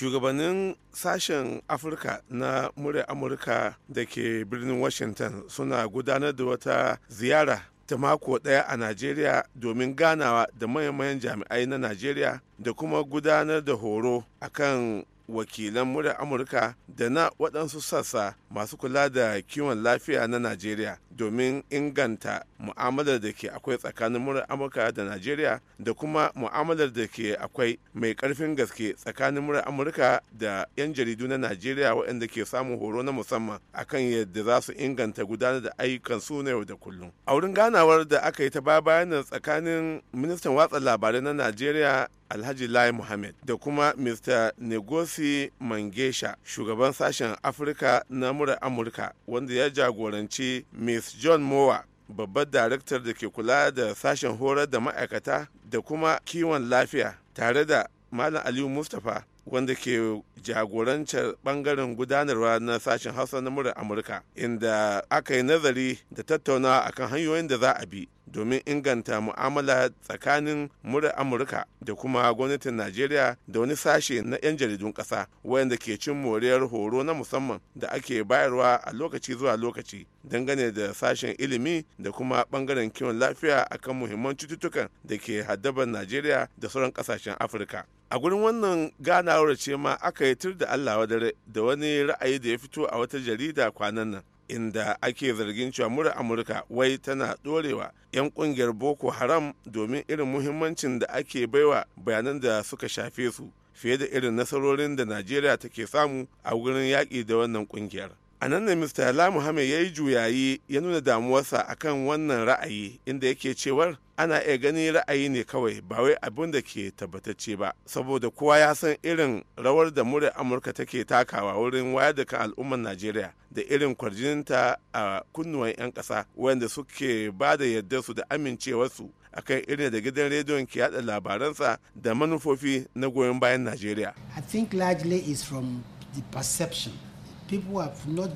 shugabannin sashen afirka na murya amurka da ke birnin washington suna gudanar da wata ziyara ta mako daya a najeriya domin ganawa da mayan jami'ai na najeriya da kuma gudanar da horo akan wakilan murya amurka da na waɗansu sassa masu kula da kiwon lafiya na najeriya domin inganta mu'amalar da ke akwai tsakanin murar amurka da najeriya da kuma mu'amalar da ke akwai mai karfin gaske tsakanin murar amurka da 'yan jaridu na najeriya waɗanda ke samun horo na musamman akan yadda za su inganta gudanar da ayyukan su na yau da kullum a wurin ganawar da aka yi ta baya bayanin tsakanin ministan watsa labarai na najeriya alhaji lai muhammad da kuma mr negosi mangesha shugaban sashen afirka na mura amurka wanda ya jagoranci miss john mowa babbar daraktar da ke kula da sashen horar da ma'aikata da kuma kiwon lafiya tare da malam aliyu mustapha wanda ke jagorancin bangaren gudanarwa na sashen hausa na murar amurka inda aka yi nazari da tattaunawa akan hanyoyin da za a bi domin inganta mu'amala tsakanin murar amurka da kuma gwamnatin najeriya da wani sashe na 'yan jaridun ƙasa wayanda ke cin moriyar horo na musamman da ake bayarwa a lokaci zuwa lokaci dangane da sashen ilimi da kuma bangaren kiwon lafiya akan muhimman cututtukan da ke haddaban najeriya da sauran ƙasashen afirka a gurin wannan ganawar ce ma aka yi tur da allah da wani ra'ayi da ya fito a wata jarida kwanan nan inda ake zargin cewa mura amurka wai tana dorewa 'yan kungiyar boko haram domin irin muhimmancin da ake baiwa bayanan da suka shafe su fiye da irin nasarorin da najeriya take samu a wurin yaƙi da wannan kungiyar a nan ne mr yala muhammad ya yi juyayi ya nuna damuwarsa akan wannan ra'ayi inda yake cewar ana iya gani ra'ayi ne kawai ba wai abin da ke tabbatacce ba saboda kowa ya san irin rawar da mura amurka take takawa wurin wayar da kan al'ummar najeriya da irin kwarjininta a kunnuwan 'yan ƙasa wanda suke ba da yarda su da amincewarsu akan irin da gidan rediyon ke yada labaransa da manufofi na goyon bayan najeriya i think largely is from the perception not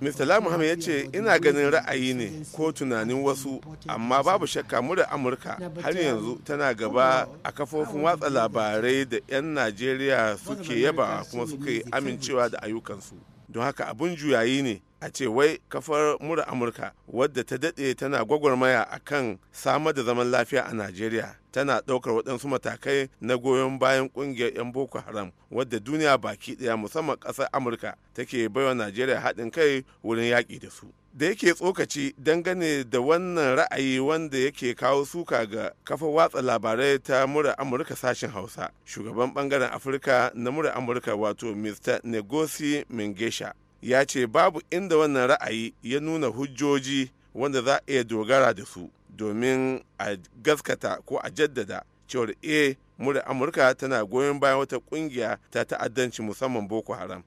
Mr. Lai Muhammad ya ce ina ganin ra'ayi ne ko tunanin wasu amma babu shakka mu Amurka har um, yanzu tana gaba a kafofin watsa labarai da 'yan Najeriya suke yaba kuma suke amincewa da ayyukansu. Don haka abun juyayi ne a ce wai kafar mura amurka wadda ta daɗe tana gwagwarmaya a kan samar da zaman lafiya a najeriya tana ɗaukar waɗansu matakai na goyon bayan ƙungiyar 'yan boko haram wadda duniya baki ɗaya musamman ƙasar amurka take baiwa najeriya haɗin kai wurin yaƙi da su da yake tsokaci dangane da wannan ra'ayi wanda yake kawo suka ga kafa watsa labarai ta mura amurka sashen hausa shugaban bangaren afirka na mura amurka wato mr negosi mengesha ya ce babu inda wannan ra'ayi ya nuna hujjoji wanda za a iya dogara da su domin a gaskata ko a jaddada cewar a eh, mura amurka tana goyon bayan wata kungiya ta ta'addanci musamman boko haram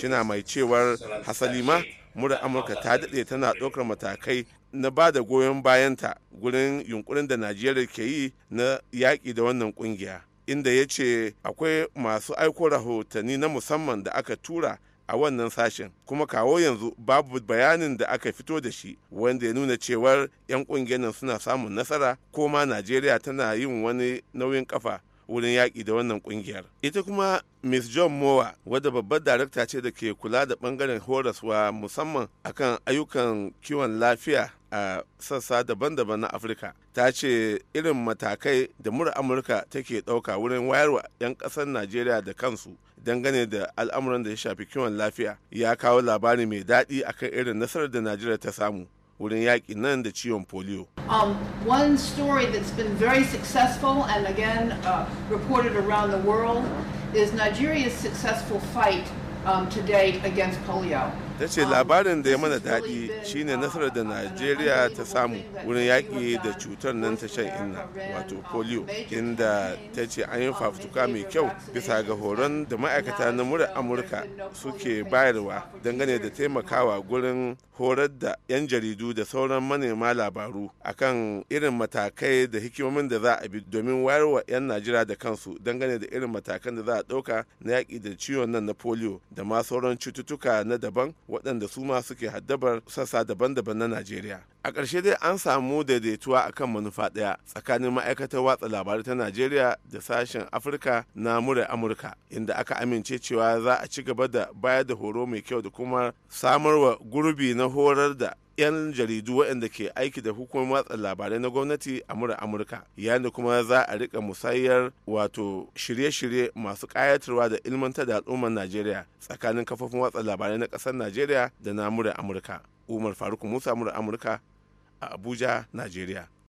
shina mai cewar hasalima mura amurka ta daɗe tana ɗaukar matakai na ba da goyon bayanta gurin yunkurin da najeriya ke yi na yaƙi da wannan ƙungiya. inda ya ce akwai masu aiko rahotanni na musamman da aka tura a wannan sashen kuma kawo yanzu babu bayanin da aka fito da shi wanda ya nuna cewar 'yan kungiyar nan suna samun nasara ko ma najeriya tana yin wani nauyin kafa wurin yaƙi da wannan ƙungiyar. Ita kuma Miss John Mowa wadda babbar darakta ce da ke kula da ɓangaren horaswa musamman akan ayyukan kiwon lafiya a sassa daban-daban na afirka ta ce irin matakai da mura amurka take ɗauka wurin wayarwa 'yan ƙasar najeriya da kansu dangane da al'amuran da ya shafi kiwon lafiya ya kawo labari mai daɗi akan irin nasarar da najeriya ta samu wurin yaƙi nan da ciwon polio. Um, one story that's been very successful and again uh, reported around the world is Nigeria's successful fight um, to date against polio. ta ce labarin da ya mana daɗi shine nasarar da najeriya ta samu wurin yaƙi da cutar nan ta shan inna wato polio inda ta ce an yi fafutuka mai kyau bisa ga horon da ma'aikata na murar amurka suke bayarwa dangane da taimakawa gurin horar da 'yan jaridu da sauran manema labaru akan irin matakai da hikimomin da za a bi domin wayarwa 'yan najeriya da kansu dangane da irin matakan da za a ɗauka na yaƙi da ciwon nan na polio da ma sauran cututtuka na daban waɗanda su ma suke haddabar sassa daban-daban na Najeriya. A ƙarshe dai an samu daidaituwa akan manufa ɗaya tsakanin ma'aikatar watsa labarai ta Najeriya da sashen Afirka na mura Amurka, inda aka amince cewa za a ci gaba da bayar da horo mai kyau da kuma samarwa gurbi na horar da 'yan jaridu waɗanda ke aiki da hukumar watsa labarai na gwamnati a mura amurka yayin da kuma za a rika musayar wato shirye-shirye masu ƙayatarwa da ilmantar da al'ummar najeriya tsakanin kafofin watsa labarai na ƙasar najeriya da na mura amurka umar faruk musa mura amurka a abuja najeriya